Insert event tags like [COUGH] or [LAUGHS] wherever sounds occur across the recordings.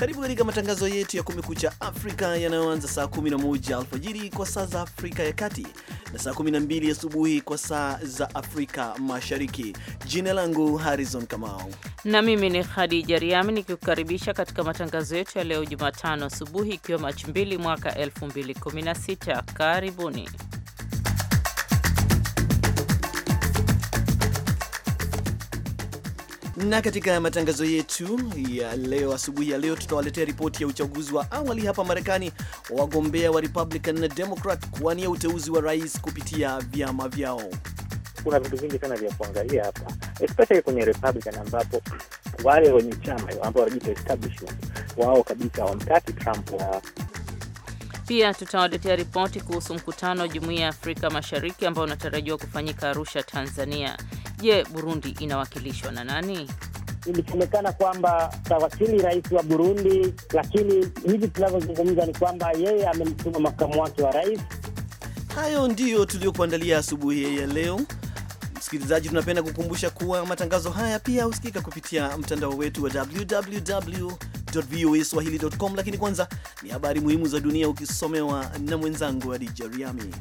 Karibu katika matangazo yetu ya Kumekucha Afrika yanayoanza saa 11 alfajiri kwa saa za Afrika ya Kati na saa 12 asubuhi kwa saa za Afrika Mashariki. Jina langu Harrison Kamau na mimi ni Khadija Riami nikikukaribisha katika matangazo yetu ya leo Jumatano asubuhi, ikiwa Machi 2 mwaka 2016. Karibuni. Na katika matangazo yetu ya leo asubuhi ya leo tutawaletea ripoti ya uchaguzi wa awali hapa Marekani, wagombea wa Republican na Democrat kuwania uteuzi wa rais kupitia vyama vyao. Kuna vitu vingi sana vya kuangalia hapa, especially kwenye Republican ambapo wale wenye chama ambao wanajiita establishment wao kabisa wamtaki Trump wa uh, pia tutawaletea ripoti kuhusu mkutano wa Jumuiya ya Afrika Mashariki ambao unatarajiwa kufanyika Arusha, Tanzania. Je, Burundi inawakilishwa na nani? Ilisemekana kwamba tawakili rais wa Burundi, lakini hivi tunavyozungumza ni kwamba yeye amemtuma makamu wake wa rais. Hayo ndiyo tuliyokuandalia asubuhi ya leo. Msikilizaji, tunapenda kukumbusha kuwa matangazo haya pia husikika kupitia mtandao wetu wa www.voaswahili.com. Lakini kwanza ni habari muhimu za dunia ukisomewa na mwenzangu Adija Riami.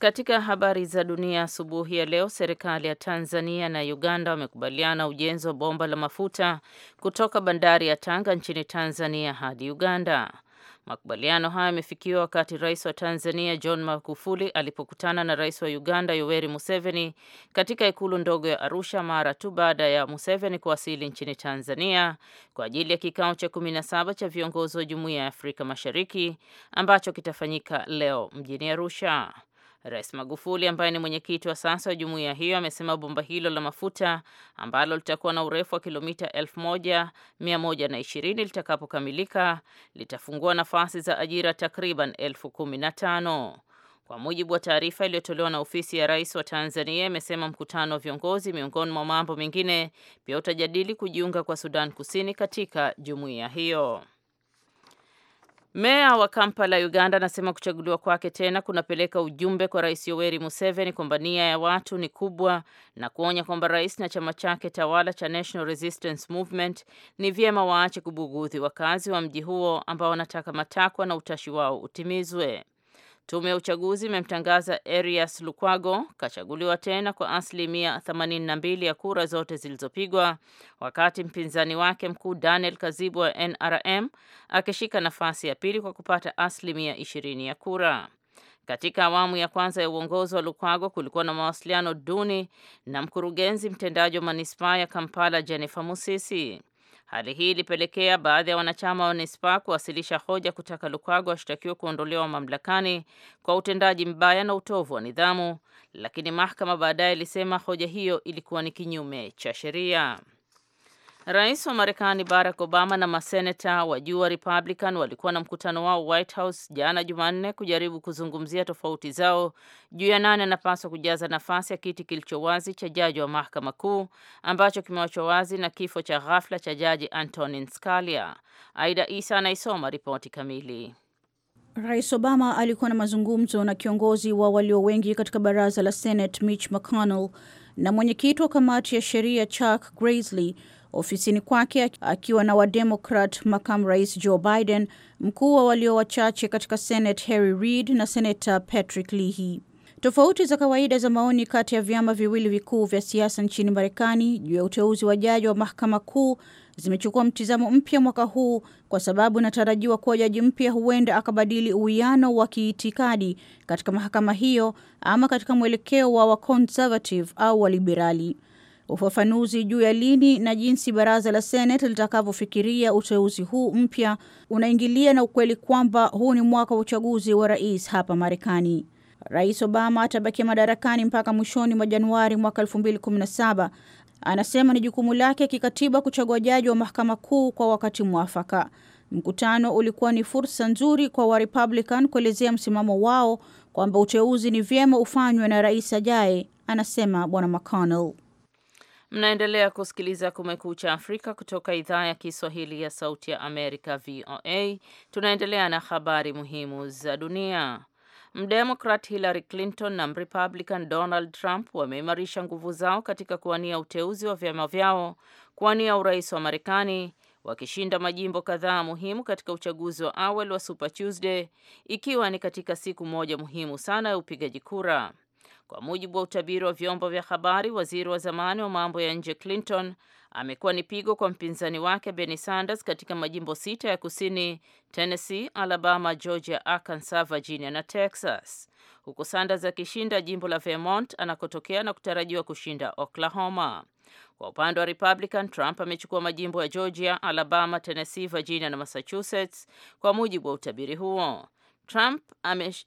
Katika habari za dunia asubuhi ya leo, serikali ya Tanzania na Uganda wamekubaliana ujenzi wa bomba la mafuta kutoka bandari ya Tanga nchini Tanzania hadi Uganda. Makubaliano hayo yamefikiwa wakati rais wa Tanzania John Magufuli alipokutana na rais wa Uganda Yoweri Museveni katika ikulu ndogo ya Arusha mara tu baada ya Museveni kuwasili nchini Tanzania kwa ajili ya kikao cha 17 cha viongozi wa Jumuiya ya Afrika Mashariki ambacho kitafanyika leo mjini Arusha. Rais Magufuli ambaye ni mwenyekiti wa sasa wa jumuiya hiyo amesema bomba hilo la mafuta ambalo litakuwa na urefu wa kilomita 1120 litakapokamilika litafungua nafasi za ajira takriban elfu kumi na tano. Kwa mujibu wa taarifa iliyotolewa na ofisi ya rais wa Tanzania, imesema mkutano wa viongozi, miongoni mwa mambo mengine, pia utajadili kujiunga kwa Sudan Kusini katika jumuiya hiyo. Meya wa Kampala, Uganda, anasema kuchaguliwa kwake tena kunapeleka ujumbe kwa Rais Yoweri Museveni kwamba nia ya watu ni kubwa na kuonya kwamba rais na chama chake tawala cha National Resistance Movement ni vyema waache kubugudhi wakazi wa mji huo ambao wanataka matakwa na utashi wao utimizwe. Tume ya uchaguzi imemtangaza Erias Lukwago kachaguliwa tena kwa asilimia 82 ya kura zote zilizopigwa, wakati mpinzani wake mkuu Daniel Kazibu wa NRM akishika nafasi ya pili kwa kupata asilimia 20 ya kura. Katika awamu ya kwanza ya uongozi wa Lukwago kulikuwa na mawasiliano duni na mkurugenzi mtendaji wa manispaa ya Kampala Jennifer Musisi. Hali hii ilipelekea baadhi ya wanachama wa Nispa kuwasilisha hoja kutaka Lukwago ashtakiwe kuondolewa mamlakani kwa utendaji mbaya na utovu wa nidhamu, lakini mahakama baadaye ilisema hoja hiyo ilikuwa ni kinyume cha sheria. Rais wa Marekani Barack Obama na maseneta wa juu wa Republican walikuwa na mkutano wao White House jana Jumanne kujaribu kuzungumzia tofauti zao juu ya nani anapaswa kujaza nafasi ya kiti kilicho wazi cha jaji wa mahakama kuu ambacho kimewachwa wazi na kifo cha ghafla cha jaji Antonin Scalia. Aida Isa anaisoma ripoti kamili. Rais Obama alikuwa na mazungumzo na kiongozi wa walio wengi katika baraza la Senate Mitch McConnell na mwenyekiti wa kamati ya sheria Chuck Grassley ofisini kwake akiwa na Wademokrat makamu rais Joe Biden, mkuu wa walio wachache katika Senate Harry Reid na senata Patrick Leahy. Tofauti za kawaida za maoni kati ya vyama viwili vikuu vya siasa nchini Marekani juu ya uteuzi wa jaji wa mahakama kuu zimechukua mtizamo mpya mwaka huu kwa sababu inatarajiwa kuwa jaji mpya huenda akabadili uwiano wa kiitikadi katika mahakama hiyo ama katika mwelekeo wa wakonservative au waliberali. Ufafanuzi juu ya lini na jinsi baraza la Seneti litakavyofikiria uteuzi huu mpya unaingilia na ukweli kwamba huu ni mwaka wa uchaguzi wa rais hapa Marekani. Rais Obama atabakia madarakani mpaka mwishoni mwa Januari mwaka 2017. Anasema ni jukumu lake kikatiba kuchagua jaji wa mahakama kuu kwa wakati mwafaka. Mkutano ulikuwa ni fursa nzuri kwa Warepublican kuelezea msimamo wao kwamba uteuzi ni vyema ufanywe na rais ajaye, anasema Bwana McConnell. Mnaendelea kusikiliza Kumekucha Afrika kutoka idhaa ya Kiswahili ya Sauti ya Amerika, VOA. Tunaendelea na habari muhimu za dunia. Mdemokrat Hillary Clinton na Mrepublican Donald Trump wameimarisha nguvu zao katika kuwania uteuzi wa vyama vyao kuwania urais wa Marekani, wakishinda majimbo kadhaa muhimu katika uchaguzi wa awali wa Super Tuesday, ikiwa ni katika siku moja muhimu sana ya upigaji kura. Kwa mujibu wa utabiri wa vyombo vya habari, waziri wa zamani wa mambo ya nje Clinton amekuwa ni pigo kwa mpinzani wake Bernie Sanders katika majimbo sita ya kusini: Tennessee, Alabama, Georgia, Arkansas, Virginia na Texas, huku Sanders akishinda jimbo la Vermont anakotokea na kutarajiwa kushinda Oklahoma. Kwa upande wa Republican, Trump amechukua majimbo ya Georgia, Alabama, Tennessee, Virginia na Massachusetts kwa mujibu wa utabiri huo. Trump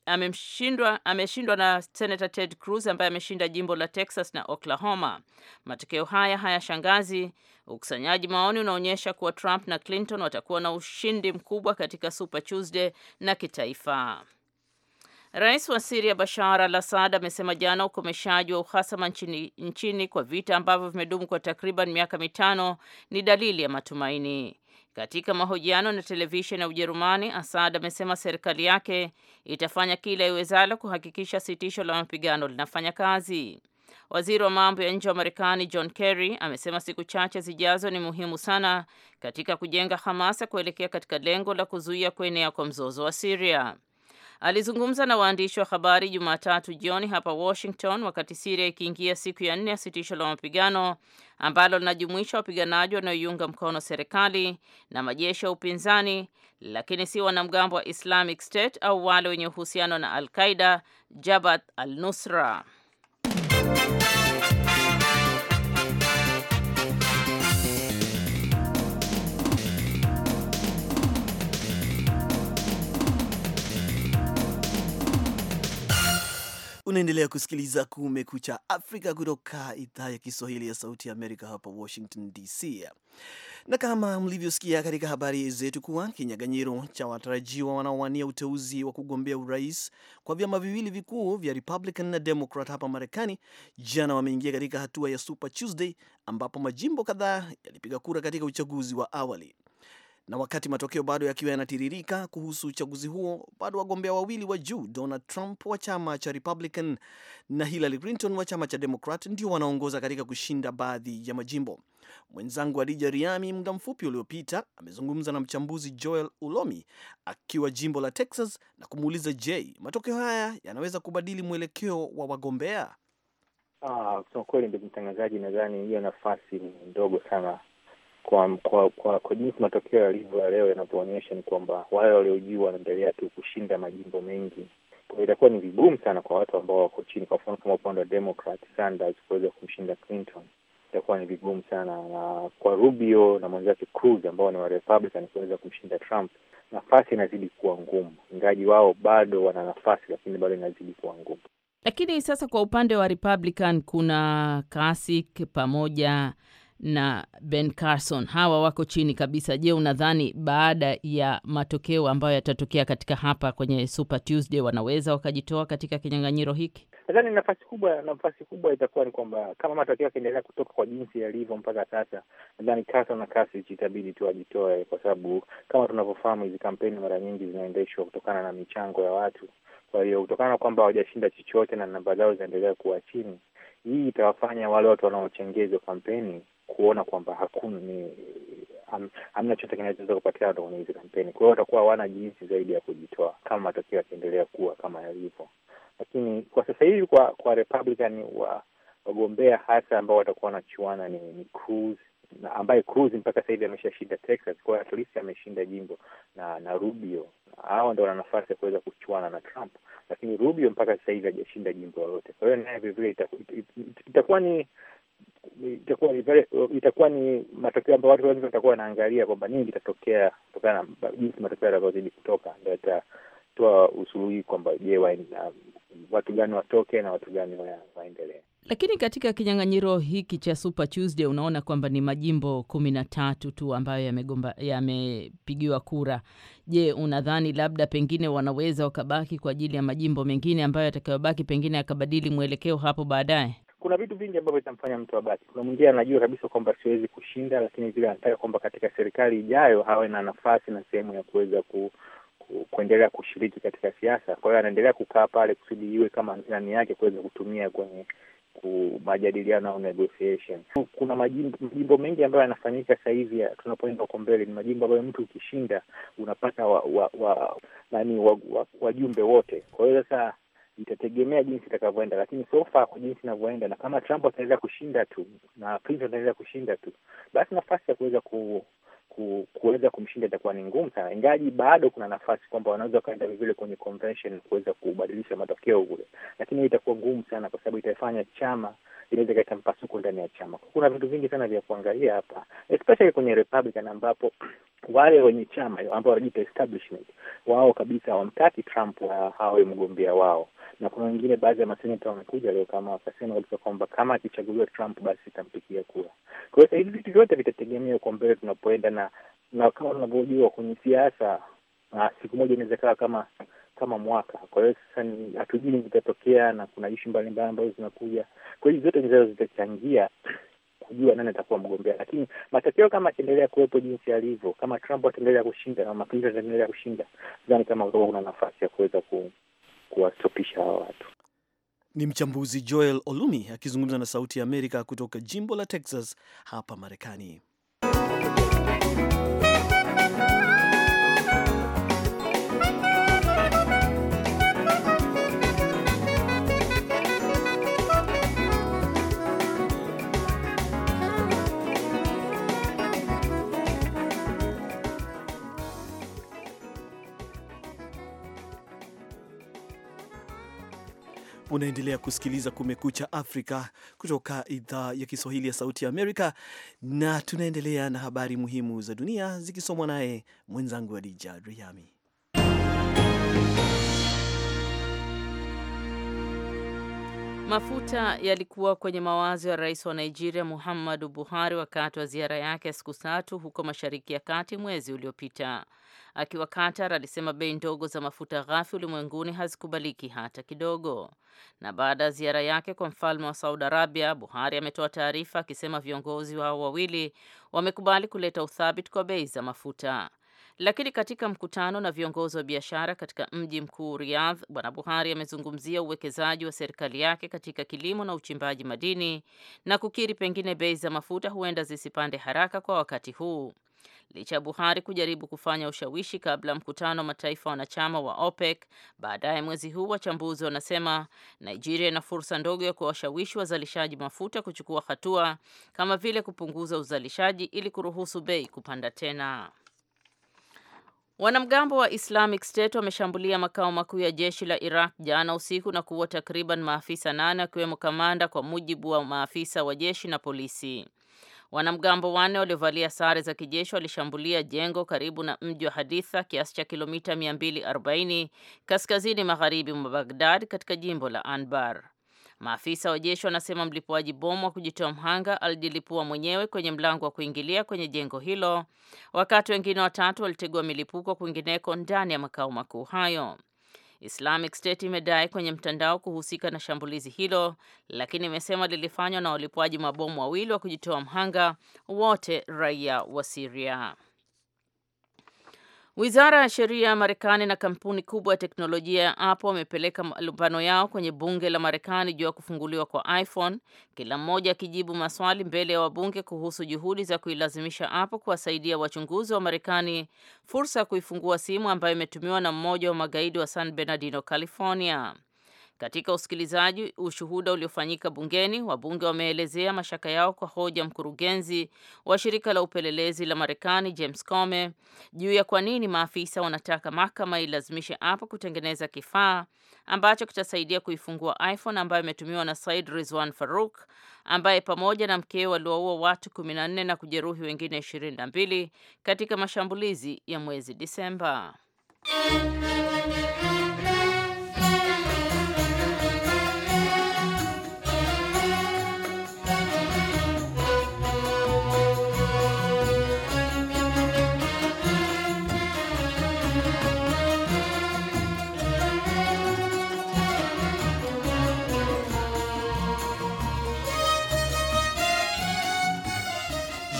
ameshindwa ameshindwa na Senator Ted Cruz ambaye ameshinda jimbo la Texas na Oklahoma. Matokeo haya hayashangazi. Ukusanyaji maoni unaonyesha kuwa Trump na Clinton watakuwa na ushindi mkubwa katika Super Tuesday na kitaifa. Rais wa Siria Bashar al-Assad amesema jana ukomeshaji wa uhasama nchini, nchini kwa vita ambavyo vimedumu kwa takriban miaka mitano ni dalili ya matumaini. Katika mahojiano na televisheni ya Ujerumani, Assad amesema serikali yake itafanya kila iwezalo kuhakikisha sitisho la mapigano linafanya kazi. Waziri wa mambo ya nje wa Marekani John Kerry amesema siku chache zijazo ni muhimu sana katika kujenga hamasa kuelekea katika lengo la kuzuia kuenea kwa mzozo wa Syria. Alizungumza na waandishi wa habari Jumatatu jioni hapa Washington, wakati Siria ikiingia siku ya nne ya sitisho la mapigano ambalo linajumuisha wapiganaji wanaoiunga mkono serikali na majeshi ya upinzani, lakini si wanamgambo wa Islamic State au wale wenye uhusiano na Al Qaida, Jabhat al-Nusra. Unaendelea kusikiliza Kumekucha Afrika kutoka idhaa ya Kiswahili ya Sauti ya Amerika hapa Washington DC, na kama mlivyosikia katika habari zetu kuwa kinyaganyiro cha watarajiwa wanaowania uteuzi wa kugombea urais kwa vyama viwili vikuu vya Republican na Democrat hapa Marekani jana wameingia katika hatua ya Super Tuesday ambapo majimbo kadhaa yalipiga kura katika uchaguzi wa awali na wakati matokeo bado yakiwa yanatiririka kuhusu uchaguzi huo, bado wagombea wawili wa juu, Donald Trump wa chama cha Republican na Hillary Clinton wa chama cha Democrat, ndio wanaongoza katika kushinda baadhi ya majimbo. Mwenzangu Adija Riami muda mfupi uliopita amezungumza na mchambuzi Joel Ulomi akiwa jimbo la Texas na kumuuliza, je, matokeo haya yanaweza kubadili mwelekeo wa wagombea? Ah, kusema kweli, ndugu mtangazaji, nadhani hiyo nafasi ni ndogo sana kwa kwa kwa, kwa jinsi matokeo yalivyo ya leo yanavyoonyesha, ni kwamba wale waliojuu wanaendelea tu kushinda majimbo mengi. itakuwa ni vigumu sana kwa watu ambao wako chini, kwa mfano kama upande wa Democrat Sanders kuweza kumshinda Clinton itakuwa ni vigumu sana, na kwa Rubio na mwenzake Cruz ambao ni wa Republican kuweza kumshinda Trump, nafasi inazidi kuwa ngumu, ingaji wao bado wana nafasi, lakini bado inazidi kuwa ngumu. Lakini sasa kwa upande wa Republican kuna kasik pamoja na Ben Carson, hawa wako chini kabisa. Je, unadhani baada ya matokeo ambayo yatatokea katika hapa kwenye Super Tuesday wanaweza wakajitoa katika kinyang'anyiro hiki? Nadhani nafasi kubwa, nafasi kubwa itakuwa ni kwamba kama matokeo yakiendelea kutoka kwa jinsi yalivyo mpaka sasa, nadhani Carson na Kasich itabidi tu ajitoe, kwa sababu kama tunavyofahamu hizi kampeni mara nyingi zinaendeshwa kutokana na michango ya watu. Kwa hiyo kutokana na kwamba hawajashinda chochote na namba zao zinaendelea kuwa chini, hii itawafanya wale watu wanaochengezwa kampeni kuona kwamba hakuna ni hamna chote kinachoweza kupatikana kwenye hizi kampeni. Kwa hiyo watakuwa hawana jinsi zaidi ya kujitoa kama matokeo yakiendelea kuwa kama yalivyo. Lakini kwa sasa hivi kwa kwa Republican wa wagombea hasa ambao watakuwa wanachuana ni, ni Cruz na ambaye Cruz mpaka sasa hivi ameshashinda Texas, kwa at least ameshinda jimbo na na Rubio. Hawa ndio wana nafasi ya kuweza kuchuana na Trump, lakini Rubio mpaka sasa hivi hajashinda jimbo lolote. Kwa hiyo naye vilevile itakuwa ni itakuwa itakuwa ni matokeo ambayo watu wengi watakuwa wanaangalia kwamba nini kitatokea kutokana na jinsi matokeo yatakavyozidi kutoka, ndo yatatoa usuluhi kwamba je, watu gani watoke na watu gani waendelee. Lakini katika kinyang'anyiro hiki cha Super Tuesday unaona kwamba ni majimbo kumi na tatu tu ambayo yamegomba yamepigiwa kura. Je, unadhani labda pengine wanaweza wakabaki kwa ajili ya majimbo mengine ambayo yatakayobaki pengine yakabadili mwelekeo hapo baadaye? kuna vitu vingi ambavyo vitamfanya mtu abaki. Kuna mwingine anajua kabisa kwamba siwezi kushinda, lakini vile anataka kwamba katika serikali ijayo hawe na nafasi na sehemu ya kuweza ku, ku, kuendelea kushiriki katika siasa. Kwa hiyo anaendelea kukaa pale kusudi iwe kama nani yake kuweza kutumia kwenye majadiliano au negotiation. Kuna majimbo, majimbo mengi ambayo yanafanyika sasa hivi tunapoenda uko mbele, ni majimbo ambayo mtu ukishinda unapata wa, wa, wa, nani wajumbe wa, wa wote. Kwa hiyo sasa itategemea jinsi itakavyoenda, lakini so far kwa jinsi inavyoenda, na kama Trump ataweza kushinda tu na Clinton ataweza kushinda tu, basi nafasi ya kuweza ku, kuweza kumshinda itakuwa ni ngumu sana, ingaji bado kuna nafasi kwamba wanaweza wakaenda vivile kwenye convention kuweza kubadilisha matokeo kule, lakini hiyo itakuwa ngumu sana, kwa sababu itaifanya chama inaweza ikaleta mpasuko ndani ya chama. Kuna vitu vingi sana vya kuangalia hapa, especially kwenye Republican ambapo [CLEARS THROAT] wale wenye chama ambao wanajiita establishment wao kabisa hawamtaki Trump hawe mgombea wao, na kuna wengine baadhi ya maseneta wamekuja leo kama wakasema kabisa kwamba kama akichaguliwa Trump basi itampikia kura. Kwa hiyo hivi vitu vyote vitategemea kwa mbele tunapoenda, na na kama unavyojua kwenye siasa, ah, siku moja inaweza kawa kama kama mwaka. Kwa hiyo sasa hatujui vitatokea, na kuna ishu mbalimbali ambazo zinakuja. Kwa hiyo zote nizao zitachangia kujua nani atakuwa mgombea, lakini matokeo kama ataendelea kuwepo jinsi alivyo kama Trump ataendelea kushinda na Clinton ataendelea kushinda, sidhani kama kutakuwa kuna nafasi ya kuweza ku, kuwastopisha hawa watu. Ni mchambuzi Joel Olumi akizungumza na Sauti ya Amerika kutoka jimbo la Texas hapa Marekani. Unaendelea kusikiliza Kumekucha Afrika kutoka idhaa ya Kiswahili ya Sauti ya Amerika, na tunaendelea na habari muhimu za dunia zikisomwa naye mwenzangu Adija Riami. Mafuta yalikuwa kwenye mawazo ya rais wa Nigeria Muhammadu Buhari wakati wa ziara yake ya siku tatu huko Mashariki ya Kati mwezi uliopita. Akiwa Qatar, alisema bei ndogo za mafuta ghafi ulimwenguni hazikubaliki hata kidogo. Na baada ya ziara yake kwa mfalme wa Saudi Arabia, Buhari ametoa taarifa akisema viongozi hao wawili wamekubali kuleta uthabiti kwa bei za mafuta. Lakini katika mkutano na viongozi wa biashara katika mji mkuu Riyadh, Bwana Buhari amezungumzia uwekezaji wa serikali yake katika kilimo na uchimbaji madini na kukiri pengine bei za mafuta huenda zisipande haraka kwa wakati huu licha ya Buhari kujaribu kufanya ushawishi kabla ya mkutano wa mataifa wanachama wa OPEC baadaye mwezi huu. Wachambuzi wanasema Nigeria ina fursa ndogo ya kuwashawishi wazalishaji mafuta kuchukua hatua kama vile kupunguza uzalishaji ili kuruhusu bei kupanda tena. Wanamgambo wa Islamic State wameshambulia makao makuu ya jeshi la Iraq jana usiku na kuua takriban maafisa nane akiwemo kamanda, kwa mujibu wa maafisa wa jeshi na polisi. Wanamgambo wanne waliovalia sare za kijeshi walishambulia jengo karibu na mji wa Haditha kiasi cha kilomita 240 kaskazini magharibi mwa Baghdad katika jimbo la Anbar. Maafisa wa jeshi wanasema mlipuaji bomu wa kujitoa mhanga alijilipua mwenyewe kwenye mlango wa kuingilia kwenye jengo hilo, wakati wengine watatu walitegua milipuko kwingineko ndani ya makao makuu hayo. Islamic State imedai kwenye mtandao kuhusika na shambulizi hilo, lakini imesema lilifanywa na walipwaji mabomu wawili wa kujitoa mhanga, wote raia wa Syria. Wizara ya Sheria ya Marekani na kampuni kubwa ya teknolojia ya Apple wamepeleka malumbano yao kwenye bunge la Marekani juu ya kufunguliwa kwa iPhone, kila mmoja akijibu maswali mbele ya wabunge kuhusu juhudi za kuilazimisha Apple kuwasaidia wachunguzi wa Marekani fursa ya kuifungua simu ambayo imetumiwa na mmoja wa magaidi wa San Bernardino, California. Katika usikilizaji ushuhuda uliofanyika bungeni, wabunge wameelezea mashaka yao kwa hoja mkurugenzi wa shirika la upelelezi la Marekani James Comey juu ya kwa nini maafisa wanataka mahakama ilazimishe Apple kutengeneza kifaa ambacho kitasaidia kuifungua iPhone ambayo imetumiwa na Said Rizwan Farouk ambaye pamoja na mkewe waliwaua watu 14 na kujeruhi wengine 22 katika mashambulizi ya mwezi Disemba.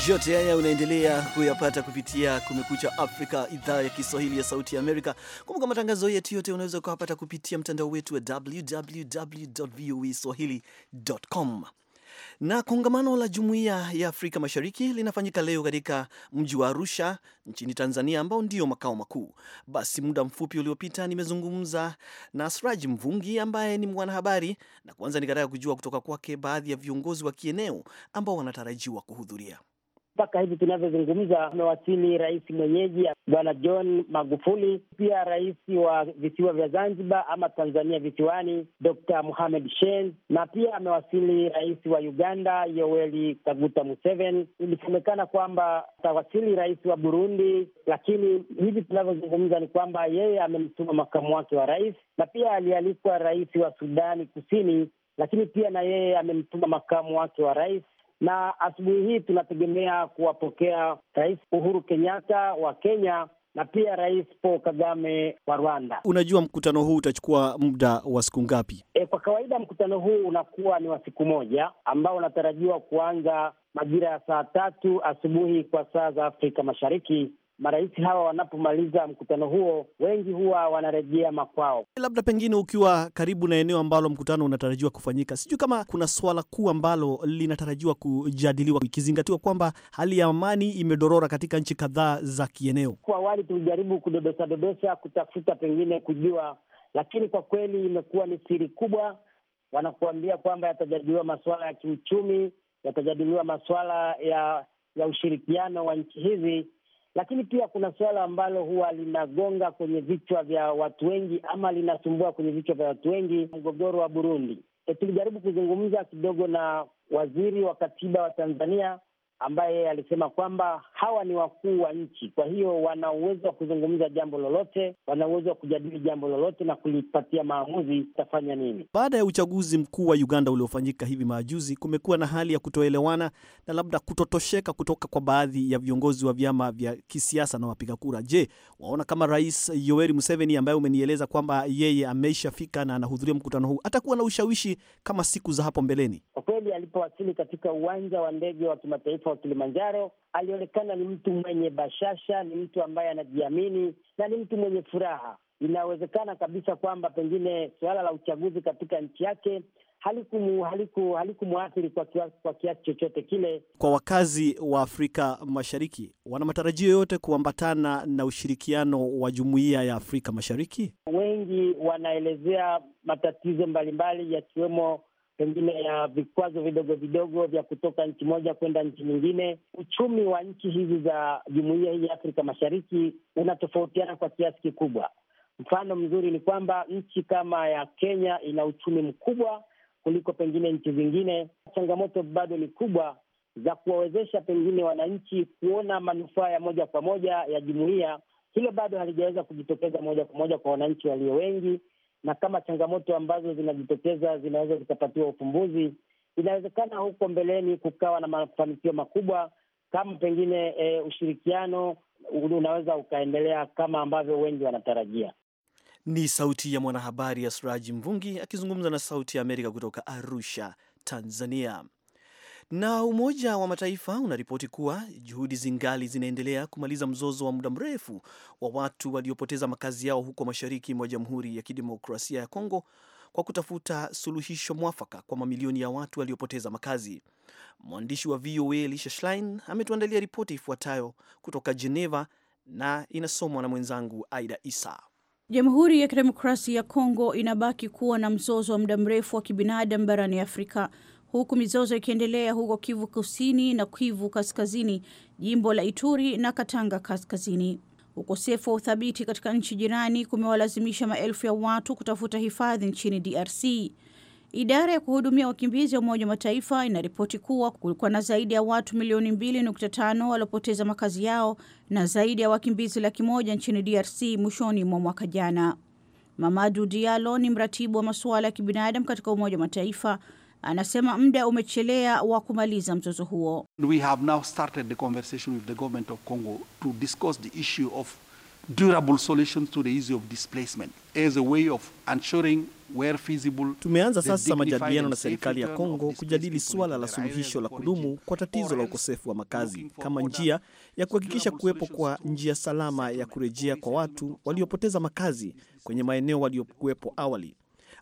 Yote haya unaendelea kuyapata kupitia Kumekucha Afrika, idhaa ya Kiswahili ya Sauti ya Amerika. Kumbuka matangazo yetu yote unaweza kuyapata kupitia mtandao wetu wa www.voaswahili.com. Na kongamano la Jumuiya ya Afrika Mashariki linafanyika leo katika mji wa Arusha nchini Tanzania, ambao ndio makao makuu. Basi muda mfupi uliopita nimezungumza na Sraj Mvungi ambaye ni mwanahabari, na kwanza nikataka kujua kutoka kwake baadhi ya viongozi wa kieneo ambao wanatarajiwa kuhudhuria. Mpaka hivi tunavyozungumza, amewasili rais mwenyeji Bwana John Magufuli, pia rais wa visiwa vya Zanzibar ama Tanzania visiwani Dr Mohamed shen na pia amewasili rais wa Uganda Yoweli Kaguta Museveni. Ilisemekana kwamba atawasili rais wa Burundi, lakini hivi tunavyozungumza ni kwamba yeye amemtuma makamu wake wa rais, na pia alialikwa rais wa Sudani Kusini, lakini pia na yeye amemtuma makamu wake wa rais na asubuhi hii tunategemea kuwapokea Rais Uhuru Kenyatta wa Kenya na pia Rais Paul Kagame wa Rwanda. Unajua mkutano huu utachukua muda wa siku ngapi? E, kwa kawaida mkutano huu unakuwa ni wa siku moja ambao unatarajiwa kuanza majira ya saa tatu asubuhi kwa saa za Afrika Mashariki marais hawa wanapomaliza mkutano huo, wengi huwa wanarejea makwao. Labda pengine, ukiwa karibu na eneo ambalo mkutano unatarajiwa kufanyika, sijui kama kuna suala kuu ambalo linatarajiwa kujadiliwa, ikizingatiwa kwamba hali ya amani imedorora katika nchi kadhaa za kieneo. Kwa awali tulijaribu kudodosa dodosa kutafuta pengine kujua, lakini kwa kweli imekuwa ni siri kubwa. Wanakuambia kwamba yatajadiliwa masuala ya kiuchumi, yatajadiliwa masuala ya ya ushirikiano wa nchi hizi lakini pia kuna suala ambalo huwa linagonga kwenye vichwa vya watu wengi ama linasumbua kwenye vichwa vya watu wengi, mgogoro wa Burundi. E, tulijaribu kuzungumza kidogo na waziri wa katiba wa Tanzania ambaye alisema kwamba hawa ni wakuu wa nchi, kwa hiyo wana uwezo wa kuzungumza jambo lolote, wana uwezo wa kujadili jambo lolote na kulipatia maamuzi itafanya nini. Baada ya uchaguzi mkuu wa Uganda uliofanyika hivi majuzi, kumekuwa na hali ya kutoelewana na labda kutotosheka kutoka kwa baadhi ya viongozi wa vyama vya kisiasa na wapiga kura. Je, waona kama Rais Yoweri Museveni ambaye umenieleza kwamba yeye ameishafika na anahudhuria mkutano huu atakuwa na ushawishi kama siku za hapo mbeleni? Kwa kweli, alipowasili katika uwanja wa ndege wa kimataifa wa Kilimanjaro alionekana kwanza ni mtu mwenye bashasha, ni mtu ambaye anajiamini na ni mtu mwenye furaha. Inawezekana kabisa kwamba pengine suala la uchaguzi katika nchi yake halikumwathiri haliku, haliku kwa kiasi kwa chochote kile. Kwa wakazi wa Afrika Mashariki, wana matarajio yote kuambatana na ushirikiano wa jumuiya ya Afrika Mashariki. Wengi wanaelezea matatizo mbalimbali yakiwemo pengine ya vikwazo vidogo vidogo vya kutoka nchi moja kwenda nchi nyingine. Uchumi wa nchi hizi za jumuiya hii ya Afrika Mashariki unatofautiana kwa kiasi kikubwa. Mfano mzuri ni kwamba nchi kama ya Kenya ina uchumi mkubwa kuliko pengine nchi zingine. Changamoto bado ni kubwa za kuwawezesha pengine wananchi kuona manufaa ya moja kwa moja ya jumuiya. Hilo bado halijaweza kujitokeza moja kwa moja kwa wananchi walio wengi, na kama changamoto ambazo zinajitokeza zinaweza zikapatiwa ufumbuzi, inawezekana huko mbeleni kukawa na mafanikio makubwa, kama pengine e, ushirikiano unaweza ukaendelea kama ambavyo wengi wanatarajia. Ni sauti ya mwanahabari Asraji Mvungi akizungumza na Sauti ya Amerika kutoka Arusha, Tanzania. Na Umoja wa Mataifa unaripoti kuwa juhudi zingali zinaendelea kumaliza mzozo wa muda mrefu wa watu waliopoteza makazi yao huko mashariki mwa Jamhuri ya Kidemokrasia ya Kongo kwa kutafuta suluhisho mwafaka kwa mamilioni ya watu waliopoteza makazi. Mwandishi wa VOA Lisha Schlein ametuandalia ripoti ifuatayo kutoka Geneva na inasomwa na mwenzangu Aida Isa. Jamhuri ya Kidemokrasia ya Kongo inabaki kuwa na mzozo wa muda mrefu wa kibinadamu barani Afrika huku mizozo ikiendelea huko Kivu Kusini na Kivu Kaskazini, jimbo la Ituri na Katanga Kaskazini. Ukosefu wa uthabiti katika nchi jirani kumewalazimisha maelfu ya watu kutafuta hifadhi nchini DRC. Idara ya kuhudumia wakimbizi ya Umoja wa Mataifa inaripoti kuwa kulikuwa na zaidi ya watu milioni 2.5 waliopoteza makazi yao na zaidi ya wakimbizi laki moja nchini DRC mwishoni mwa mwaka jana. Mamadu Diallo ni mratibu wa masuala ya kibinadamu katika Umoja wa Mataifa anasema muda umechelea wa kumaliza mzozo huo. We have now started the conversation with the government of Congo to discuss the issue of durable solutions to the issue of displacement as a way of ensuring where feasible. Tumeanza sasa majadiliano na serikali ya Congo kujadili suala la suluhisho la kudumu kwa tatizo la ukosefu wa makazi kama njia ya kuhakikisha kuwepo kwa njia salama ya kurejea kwa watu waliopoteza makazi kwenye maeneo waliokuwepo awali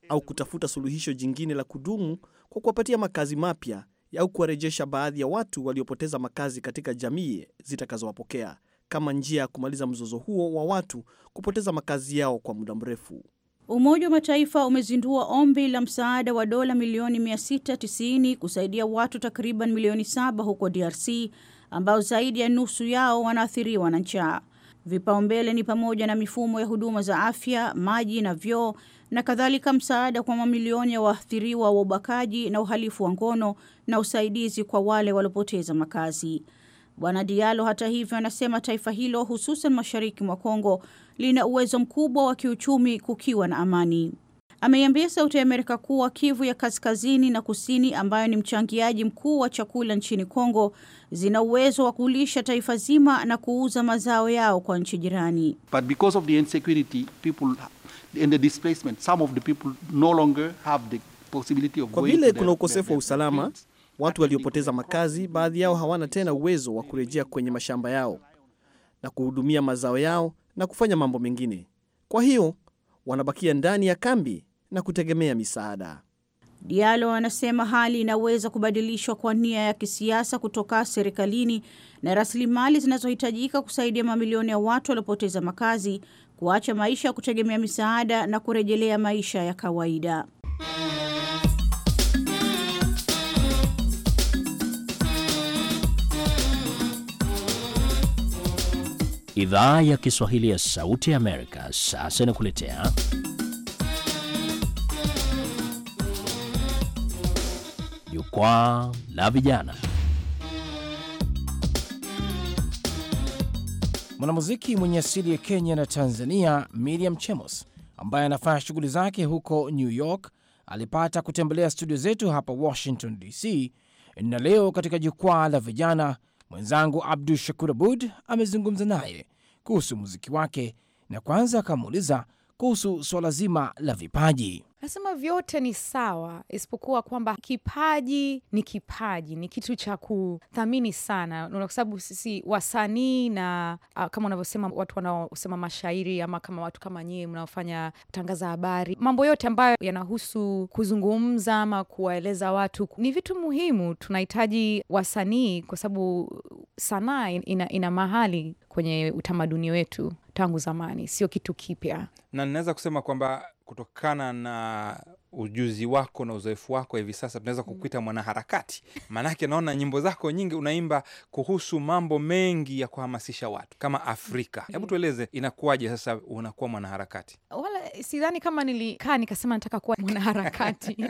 au kutafuta suluhisho jingine la kudumu kwa kuwapatia makazi mapya au kuwarejesha baadhi ya watu waliopoteza makazi katika jamii zitakazowapokea kama njia ya kumaliza mzozo huo wa watu kupoteza makazi yao kwa muda mrefu. Umoja wa Mataifa umezindua ombi la msaada wa dola milioni 690 kusaidia watu takriban milioni saba huko DRC ambao zaidi ya nusu yao wanaathiriwa na njaa. Vipaumbele ni pamoja na mifumo ya huduma za afya, maji na vyoo na kadhalika, msaada kwa mamilioni ya waathiriwa wa ubakaji na uhalifu wa ngono na usaidizi kwa wale waliopoteza makazi. Bwana Diallo hata hivyo anasema taifa hilo hususan mashariki mwa Kongo lina uwezo mkubwa wa kiuchumi kukiwa na amani ameiambia Sauti ya Amerika kuwa Kivu ya kaskazini na kusini, ambayo ni mchangiaji mkuu wa chakula nchini Kongo, zina uwezo wa kulisha taifa zima na kuuza mazao yao kwa nchi jirani. But because of the insecurity people and the displacement some of the people no longer have the possibility of kwa vile kuna ukosefu wa usalama, watu waliopoteza makazi, baadhi yao hawana tena uwezo wa kurejea kwenye mashamba yao na kuhudumia mazao yao na kufanya mambo mengine. Kwa hiyo wanabakia ndani ya kambi na kutegemea misaada. Dialo anasema hali inaweza kubadilishwa kwa nia ya kisiasa kutoka serikalini na rasilimali zinazohitajika kusaidia mamilioni ya watu waliopoteza makazi kuacha maisha ya kutegemea misaada na kurejelea maisha ya kawaida. Idhaa ya Kiswahili ya Sauti ya Amerika sasa inakuletea Jukwaa la Vijana. Mwanamuziki mwenye asili ya Kenya na Tanzania, Miriam Chemos, ambaye anafanya shughuli zake huko New York, alipata kutembelea studio zetu hapa Washington DC, na leo katika Jukwaa la Vijana mwenzangu Abdu Shakur Abud amezungumza naye kuhusu muziki wake, na kwanza akamuuliza kuhusu suala zima la vipaji. Nasema vyote ni sawa, isipokuwa kwamba kipaji ni kipaji, ni kitu cha kuthamini sana, kwa sababu sisi wasanii na uh, kama unavyosema watu wanaosema mashairi ama kama watu kama nyie mnaofanya tangaza habari, mambo yote ambayo yanahusu kuzungumza ama kuwaeleza watu ni vitu muhimu. Tunahitaji wasanii kwa sababu sanaa ina, ina mahali kwenye utamaduni wetu tangu zamani, sio kitu kipya, na ninaweza kusema kwamba kutokana na ujuzi wako na uzoefu wako hivi sasa tunaweza mm. kukuita mwanaharakati, maanake naona nyimbo zako nyingi unaimba kuhusu mambo mengi ya kuhamasisha watu kama Afrika. Mm. Hebu tueleze inakuwaje sasa unakuwa mwanaharakati? Wala sidhani kama nilikaa nikasema nataka kuwa mwanaharakati [LAUGHS]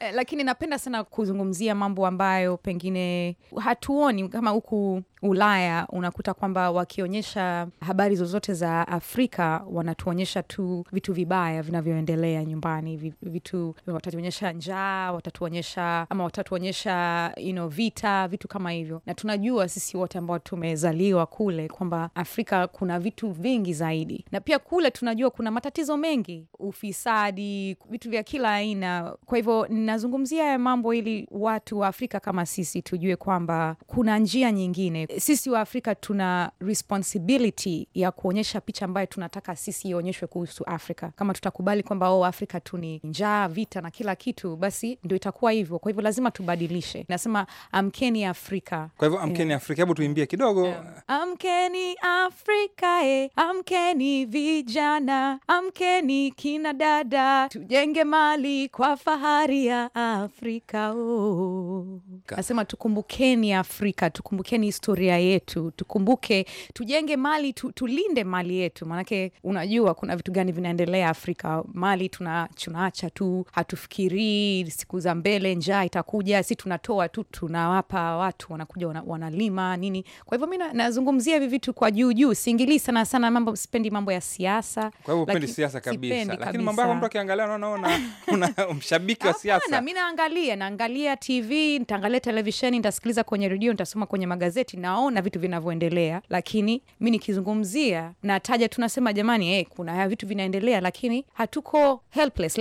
eh, lakini napenda sana kuzungumzia mambo ambayo pengine hatuoni kama huku Ulaya unakuta kwamba wakionyesha habari zozote za Afrika wanatuonyesha tu vitu vibaya vinavyoendelea nyumbani, vitu vitu watatuonyesha njaa, watatuonyesha ama watatuonyesha you know, vita, vitu kama hivyo. Na tunajua sisi wote ambao tumezaliwa kule kwamba Afrika kuna vitu vingi zaidi, na pia kule tunajua kuna matatizo mengi, ufisadi, vitu vya kila aina. Kwa hivyo nazungumzia ya mambo ili watu wa Afrika kama sisi tujue kwamba kuna njia nyingine. Sisi wa Afrika tuna responsibility ya kuonyesha picha ambayo tunataka sisi ionyeshwe kuhusu Afrika. Kama tutakubali kwamba o oh, Afrika tu ni njaa njaa, vita na kila kitu, basi ndio itakuwa hivyo. Kwa hivyo lazima tubadilishe. Nasema amkeni Afrika. Kwa hivyo amkeni yeah. Afrika, hebu tuimbie kidogo yeah. Amkeni Afrika eh, amkeni vijana, amkeni kina dada, tujenge mali kwa fahari ya Afrika oh. Nasema tukumbukeni Afrika, tukumbukeni historia yetu, tukumbuke, tujenge mali tu, tulinde mali yetu, maanake unajua kuna vitu gani vinaendelea Afrika. Mali tunaacha tu zetu, hatufikirii siku za mbele, njaa itakuja, si tunatoa tu, tunawapa watu, wanakuja wanalima nini. Kwa hivyo mi nazungumzia hivi vitu kwa juu juu, siingilii sana sana mambo, sipendi mambo ya siasa. Kwa siasa mambo mtu akiangalia naona [LAUGHS] mshabiki wa siasa. Mi naangalia, naangalia TV, ntaangalia televisheni, ntasikiliza kwenye redio, ntasoma kwenye magazeti, naona vitu vinavyoendelea, lakini mi nikizungumzia nataja, tunasema jamani, hey, eh, kuna vitu vinaendelea, lakini hatuko helpless,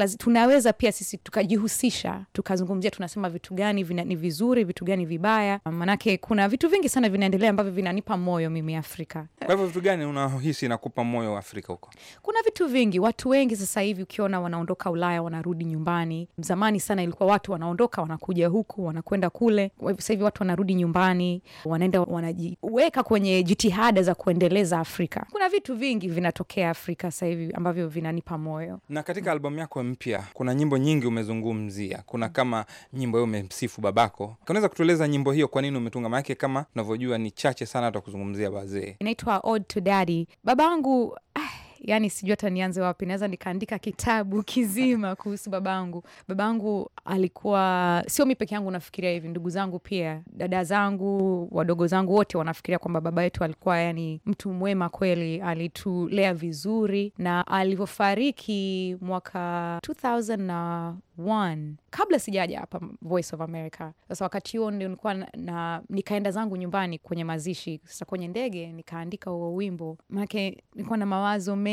tunaweza pia sisi tukajihusisha tukazungumzia, tunasema vitu gani vina, ni vizuri, vitu gani vibaya, manake kuna vitu vingi sana vinaendelea ambavyo vinanipa moyo mimi Afrika. Kwa hivyo vitu gani unahisi inakupa moyo wa Afrika huko? Kuna vitu vingi. Watu wengi sasa hivi ukiona wanaondoka Ulaya wanarudi nyumbani. Zamani sana ilikuwa watu wanaondoka wanakuja huku wanakwenda kule, sasa hivi watu wanarudi nyumbani, wanaenda wanajiweka kwenye jitihada za kuendeleza Afrika. Kuna vitu vingi vinatokea Afrika sasa hivi ambavyo vinanipa moyo. Na katika albamu yako mpya kuna nyimbo nyingi umezungumzia, kuna kama nyimbo hiyo umemsifu babako, unaweza kutueleza nyimbo hiyo kwa nini umetunga? Maanake kama unavyojua ni chache sana hata kuzungumzia wazee. Inaitwa Ode to Daddy. ah, yani sijui hata nianze wapi. Naweza nikaandika kitabu [LAUGHS] kizima kuhusu babangu. Babangu alikuwa sio mi peke yangu nafikiria hivi, ndugu zangu pia, dada zangu, wadogo zangu wote wanafikiria kwamba baba yetu alikuwa yani mtu mwema kweli, alitulea vizuri, na alivyofariki mwaka 2000 One. kabla sijaja hapa Voice of America. Sasa wakati huo ndio nilikuwa na, na nikaenda zangu nyumbani kwenye mazishi. Sasa kwenye ndege nikaandika huo wimbo, manake nilikuwa na mawazo mengi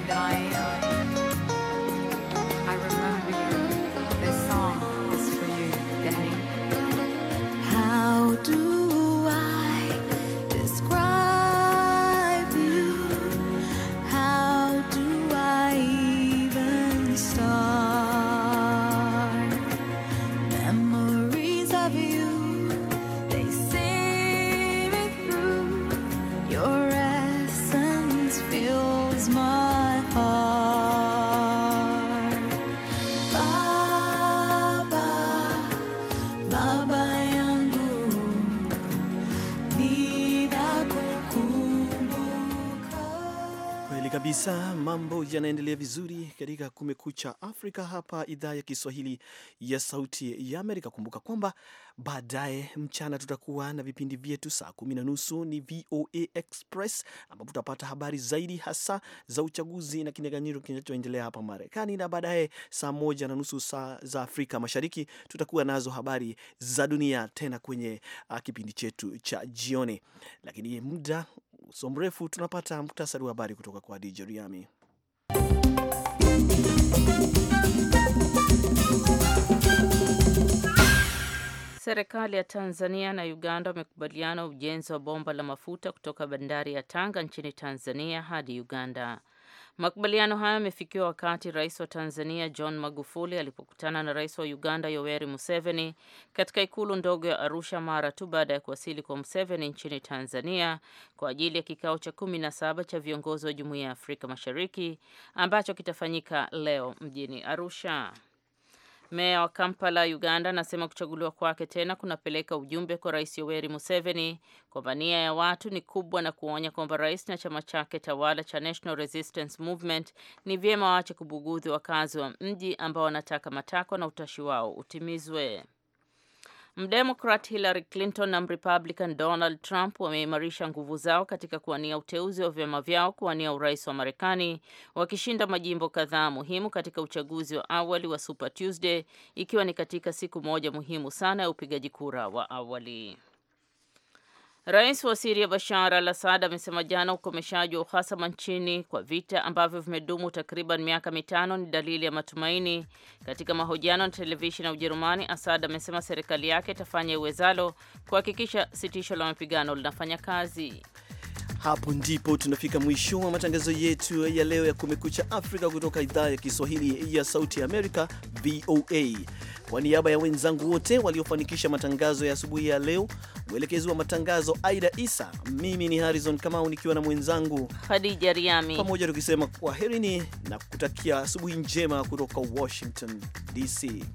Baba. kabisa, mambo yanaendelea vizuri katika Kumekucha Afrika hapa idhaa ya Kiswahili ya Sauti ya Amerika. Kumbuka kwamba baadaye mchana tutakuwa na vipindi vyetu. Saa kumi na nusu ni VOA Express ambapo tutapata habari zaidi hasa za uchaguzi na kinyaganyiro kinachoendelea hapa Marekani, na baadaye saa moja na nusu saa za Afrika Mashariki tutakuwa nazo habari za dunia tena kwenye ah, kipindi chetu cha jioni, lakini muda so mrefu, tunapata muktasari wa habari kutoka kwa DJ Riami. Serikali ya Tanzania na Uganda wamekubaliana ujenzi wa bomba la mafuta kutoka bandari ya Tanga nchini Tanzania hadi Uganda. Makubaliano hayo yamefikiwa wakati rais wa Tanzania John Magufuli alipokutana na rais wa Uganda Yoweri Museveni katika ikulu ndogo ya Arusha mara tu baada ya kuwasili kwa Museveni nchini Tanzania kwa ajili ya kikao cha kumi na saba cha viongozi wa Jumuiya ya Afrika Mashariki ambacho kitafanyika leo mjini Arusha. Meya wa Kampala, Uganda, anasema kuchaguliwa kwake tena kunapeleka ujumbe kwa Rais Yoweri Museveni kwamba nia ya watu ni kubwa na kuonya kwamba rais na chama chake tawala cha National Resistance Movement ni vyema waache kubugudhi wakazi wa mji ambao wanataka matakwa na utashi wao utimizwe. Mdemokrat Hillary Clinton na Mrepublican Donald Trump wameimarisha nguvu zao katika kuwania uteuzi wa vyama vyao kuwania urais wa Marekani, wakishinda majimbo kadhaa muhimu katika uchaguzi wa awali wa Super Tuesday, ikiwa ni katika siku moja muhimu sana ya upigaji kura wa awali. Rais wa Siria Bashar al Assad amesema jana ukomeshaji wa uhasama nchini kwa vita ambavyo vimedumu takriban miaka mitano ni dalili ya matumaini. Katika mahojiano na televisheni ya Ujerumani, Assad amesema serikali yake itafanya iwezalo kuhakikisha sitisho la mapigano linafanya kazi. Hapo ndipo tunafika mwisho wa matangazo yetu ya leo ya Kumekucha Afrika kutoka idhaa ya Kiswahili ya Sauti ya Amerika, VOA. Kwa niaba ya wenzangu wote waliofanikisha matangazo ya asubuhi ya leo, mwelekezi wa matangazo Aida Isa, mimi ni Harrison Kamau nikiwa na mwenzangu Hadija Riami, pamoja tukisema kwaherini na kutakia asubuhi njema kutoka Washington DC.